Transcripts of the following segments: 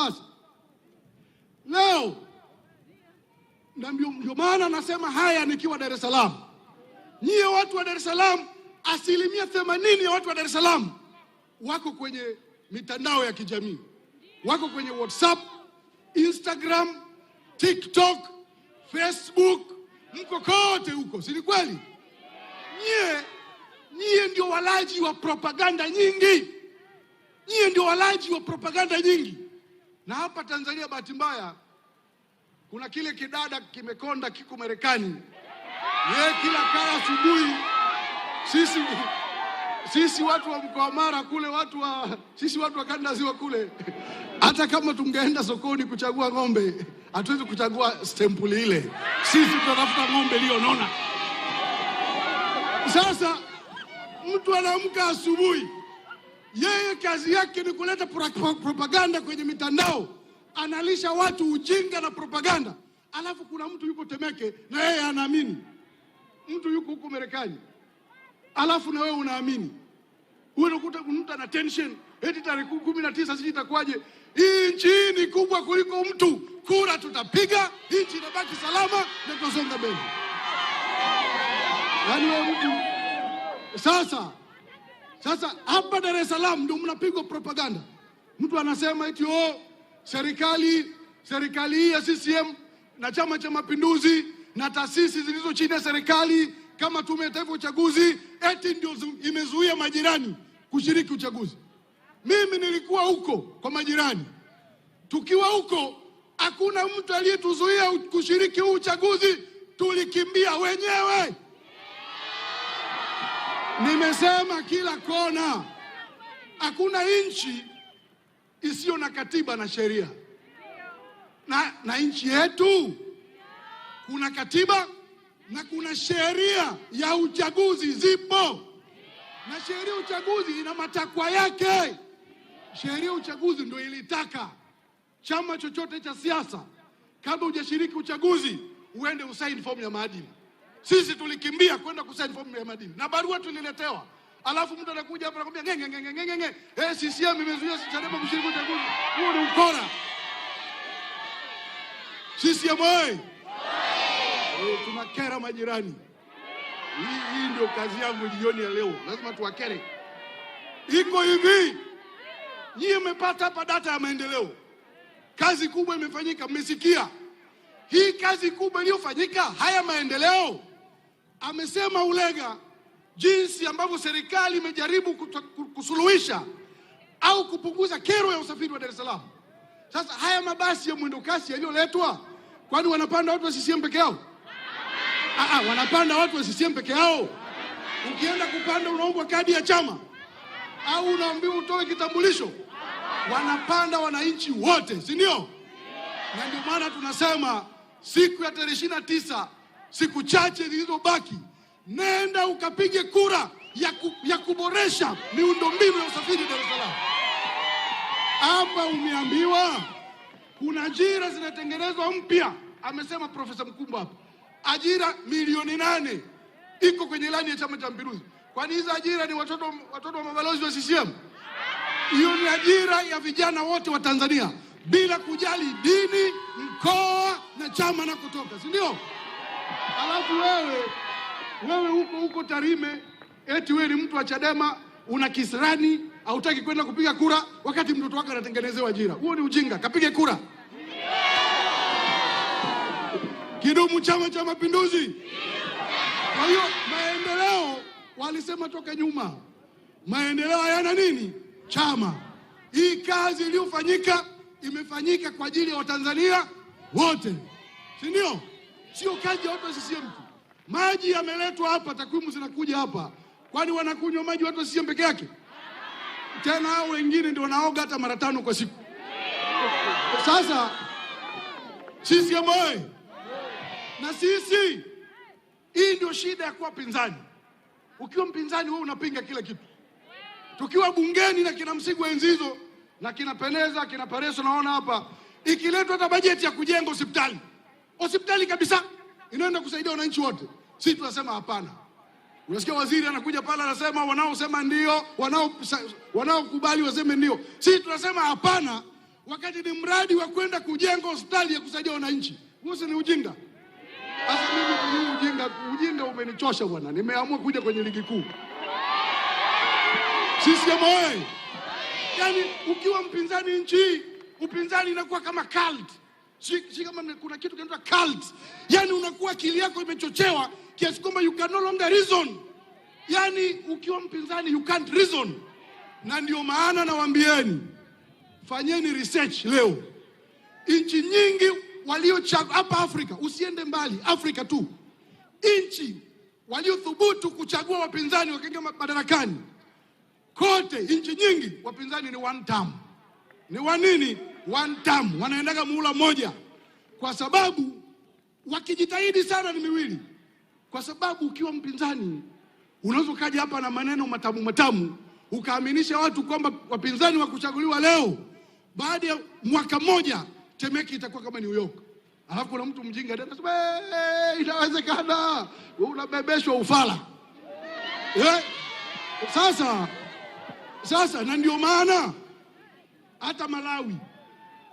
sasa. Leo ndio maana nasema haya nikiwa Dar es Salaam. Nyie watu wa Dar es Salaam, asilimia themanini ya watu wa Dar es Salaam wako kwenye mitandao ya kijamii, wako kwenye WhatsApp, Instagram, TikTok, Facebook, mko kote huko, si ni kweli? Nyie nyie ndio walaji wa propaganda nyingi, nyie ndio walaji wa propaganda nyingi. Na hapa Tanzania, bahati mbaya, kuna kile kidada kimekonda kiko Marekani, yeye kila kaa asubuhi, sisi sisi watu wa mkoa Mara kule watu wa sisi watu wa kanda ziwa kule, hata kama tungeenda sokoni kuchagua ng'ombe hatuwezi kuchagua stempuli ile, sisi tunatafuta ng'ombe iliyonona. Sasa mtu anaamka asubuhi yeye kazi yake ni kuleta propaganda kwenye mitandao, analisha watu ujinga na propaganda, alafu kuna mtu yuko Temeke na yeye anaamini, mtu yuko huko Marekani alafu na wewe unaamini. Wewe unakuta mtu ana tension eti tarehe kumi na tisa sijui itakuwaje. Hii nchi ni kubwa kuliko mtu, kura tutapiga, nchi inabaki salama na tutasonga mbele. Yaani wewe mtu sasa sasa hapa Dar es Salaam ndio mnapigwa propaganda. Mtu anasema eti oh, serikali serikali hii ya CCM na Chama cha Mapinduzi na taasisi zilizo chini ya serikali kama Tume ya Taifa Uchaguzi eti ndio imezuia majirani kushiriki uchaguzi. Mimi nilikuwa huko kwa majirani, tukiwa huko hakuna mtu aliyetuzuia kushiriki huu uchaguzi, tulikimbia wenyewe. Nimesema kila kona, hakuna nchi isiyo na katiba na sheria na, na nchi yetu kuna katiba na kuna sheria ya uchaguzi zipo, na sheria uchaguzi ina matakwa yake. Sheria uchaguzi ndio ilitaka chama chochote cha siasa, kabla hujashiriki uchaguzi, uende usaini fomu ya maadili. Sisi tulikimbia kwenda kusaini fomu ya madini na barua tuliletewa, alafu mtu anakuja hapa anakuambia nge nge nge nge, eh, CCM imezuia Chadema kushiriki uchaguzi. Huo ni ukora. CCM oyee! Eh, tunakera majirani. Hii hii ndio kazi yangu jioni ya leo, lazima tuwakere. Iko hivi, nyie mmepata hapa data ya maendeleo, kazi kubwa imefanyika, mmesikia hii kazi kubwa iliyofanyika, haya maendeleo Amesema Ulega jinsi ambavyo serikali imejaribu kusuluhisha au kupunguza kero ya usafiri wa Dar es Salaam. Sasa haya mabasi ya mwendokasi yaliyoletwa, kwani wanapanda watu wa CCM peke yao? ah, wanapanda watu wa CCM peke yao? Ukienda kupanda unaombwa kadi ya chama au unaambiwa utoe kitambulisho? Wanapanda wananchi wote, si ndio? Na ndio maana tunasema siku ya tarehe ishirini na tisa siku chache zilizobaki, nenda ukapige kura ya, ku, ya kuboresha miundombinu ya usafiri Dar es Salaam. Hapa umeambiwa kuna ajira zinatengenezwa mpya, amesema Profesa Mkumbo hapa, ajira milioni nane iko kwenye lani ya Chama cha Mapinduzi. Kwani hizo ajira ni watoto, watoto wa mabalozi wa CCM? Hiyo ni ajira ya vijana wote wa Tanzania bila kujali dini, mkoa na chama na kutoka, si ndio? Alafu wewe wewe huko huko Tarime, eti wewe ni mtu wa Chadema, una kisirani, hautaki kwenda kupiga kura, wakati mtoto wako anatengenezewa ajira. Huo ni ujinga, kapige kura. Kidumu Chama cha Mapinduzi! Kwa hiyo maendeleo walisema toka nyuma, maendeleo hayana nini chama. Hii kazi iliyofanyika imefanyika kwa ajili ya Watanzania wote, si ndio? sio kaja watu wa CCM tu. Maji yameletwa hapa, takwimu zinakuja hapa. Kwani wanakunywa maji watu wa CCM peke yake? Tena hao wengine ndio wanaoga hata mara tano kwa siku. Sasa CCM oye! Na sisi, hii ndio shida ya kuwa pinzani. Ukiwa mpinzani wewe unapinga kila kitu. Tukiwa bungeni na kina Msigwa Enzizo na kina Peneza, kina Pareso naona hapa, ikiletwa hata bajeti ya kujenga hospitali hospitali kabisa inaenda kusaidia wananchi wote. Sisi tunasema hapana. Unasikia waziri anakuja pale anasema wanaosema ndio, wanaokubali waseme ndio. Sisi tunasema hapana, wakati ni mradi wa kwenda kujenga hospitali ya kusaidia wananchi. Wose ni ujinga. Sasa mimi kwenye ujinga, ujinga umenichosha bwana. Nimeamua kuja kwenye ligi kuu. Sisi kama wewe. Yaani ukiwa mpinzani nchi, upinzani inakuwa kama cult si kama kuna kitu kinaitwa cult, yani unakuwa akili yako imechochewa kiasi kwamba you can no longer reason. Yani ukiwa mpinzani you can't reason, na ndio maana nawaambieni, fanyeni research leo. Nchi nyingi waliochagua hapa Afrika, usiende mbali, Afrika tu, nchi waliothubutu kuchagua wapinzani wakaingia madarakani, kote nchi nyingi wapinzani ni one time ni wa nini, wanaendaga muhula mmoja, kwa sababu wakijitahidi sana ni miwili, kwa sababu ukiwa mpinzani unaweza ukaja hapa na maneno matamu matamu ukaaminisha watu kwamba wapinzani wa kuchaguliwa leo, baada ya mwaka mmoja temeki itakuwa kama New York, alafu kuna mtu mjinga tena anasema eh, inawezekana. Wewe unabebeshwa ufala yeah. Sasa sasa, na ndio maana hata Malawi.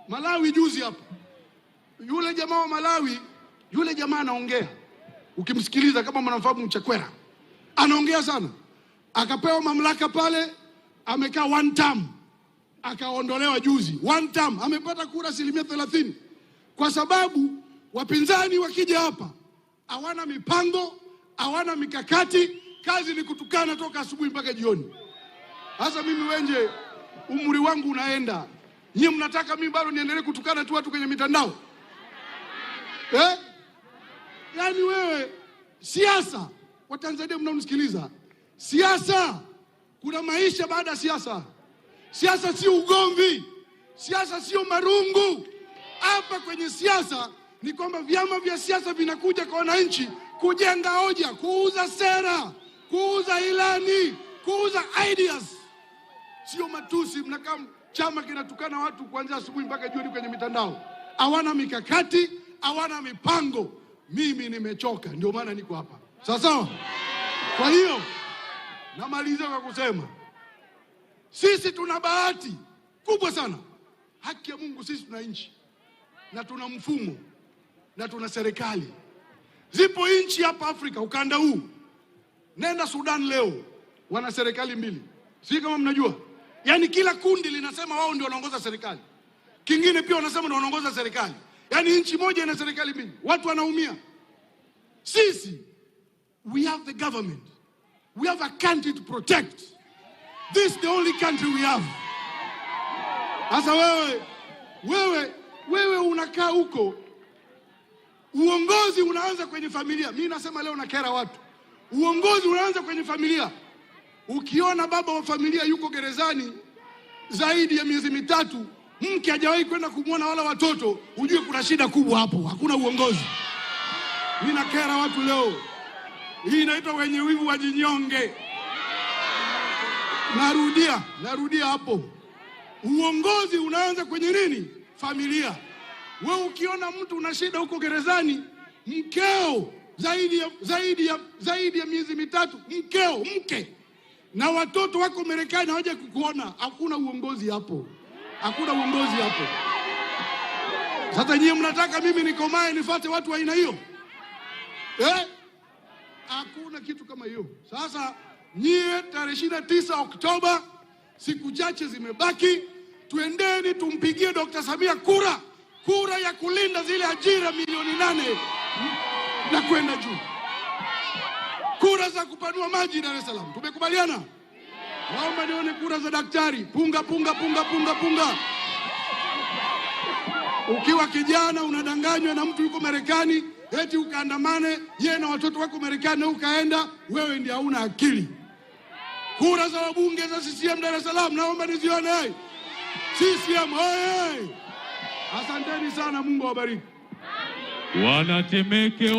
Malawi juzi hapa, yule jamaa wa Malawi, yule jamaa anaongea, ukimsikiliza kama mnamfahamu Mchakwera, anaongea sana. Akapewa mamlaka pale, amekaa one term, akaondolewa juzi one term, amepata kura asilimia thelathini kwa sababu wapinzani wakija hapa hawana mipango, hawana mikakati, kazi ni kutukana toka asubuhi mpaka jioni. Sasa mimi Wenje umri wangu unaenda. Nyie mnataka mimi bado niendelee kutukana tu watu kwenye mitandao eh? Yaani wewe siasa, Watanzania mnaonisikiliza, siasa, kuna maisha baada ya siasa. Siasa sio ugomvi, siasa sio marungu. Hapa kwenye siasa ni kwamba vyama vya siasa vinakuja kwa wananchi kujenga hoja, kuuza sera, kuuza ilani, kuuza ideas sio matusi. Mnakaa chama kinatukana watu kuanzia asubuhi mpaka jioni kwenye mitandao, hawana mikakati, hawana mipango. Mimi nimechoka, ndio maana niko hapa. Sawa sawa. Kwa hiyo namalizia kwa kusema sisi tuna bahati kubwa sana, haki ya Mungu, sisi tuna nchi na tuna mfumo na tuna serikali. Zipo nchi hapa Afrika ukanda huu, nenda Sudan leo, wana serikali mbili, si kama mnajua Yaani kila kundi linasema wao ndio wanaongoza serikali, kingine pia wanasema ndio wanaongoza serikali. Yaani nchi moja ina serikali mbili, watu wanaumia. Sisi we have the government, we have a country to protect. This is the only country we have. Sasa wewe wewe wewe unakaa huko, uongozi unaanza kwenye familia. Mi nasema leo nakera watu, uongozi unaanza kwenye familia. Ukiona baba wa familia yuko gerezani zaidi ya miezi mitatu, mke hajawahi kwenda kumwona wala watoto, ujue kuna shida kubwa hapo, hakuna uongozi. Mimi nakera watu leo, hii inaitwa wenye wivu jinyonge Narudia, narudia hapo, uongozi unaanza kwenye nini? Familia. We ukiona mtu una shida huko gerezani, mkeo zaidi ya, zaidi ya, zaidi ya miezi mitatu, mkeo mke na watoto wako Marekani hawaja kukuona. Hakuna uongozi hapo, hakuna uongozi hapo. Sasa nyie mnataka mimi nikomae nifate watu wa aina hiyo eh? Hakuna kitu kama hiyo. Sasa nyie, tarehe ishirini na tisa Oktoba, siku chache zimebaki, tuendeni tumpigie Dr. Samia kura, kura ya kulinda zile ajira milioni nane na kwenda juu kura za kupanua maji Dar es Salaam, tumekubaliana. Naomba nione kura za daktari. Punga, punga, punga, punga, punga. Ukiwa kijana unadanganywa na mtu yuko Marekani eti ukaandamane yeye na watoto wako Marekani, na ukaenda wewe, ndio hauna akili. Kura za wabunge za CCM Dar es Salaam naomba nizione. CCM oye! Asanteni sana, Mungu awabariki wanatemeke.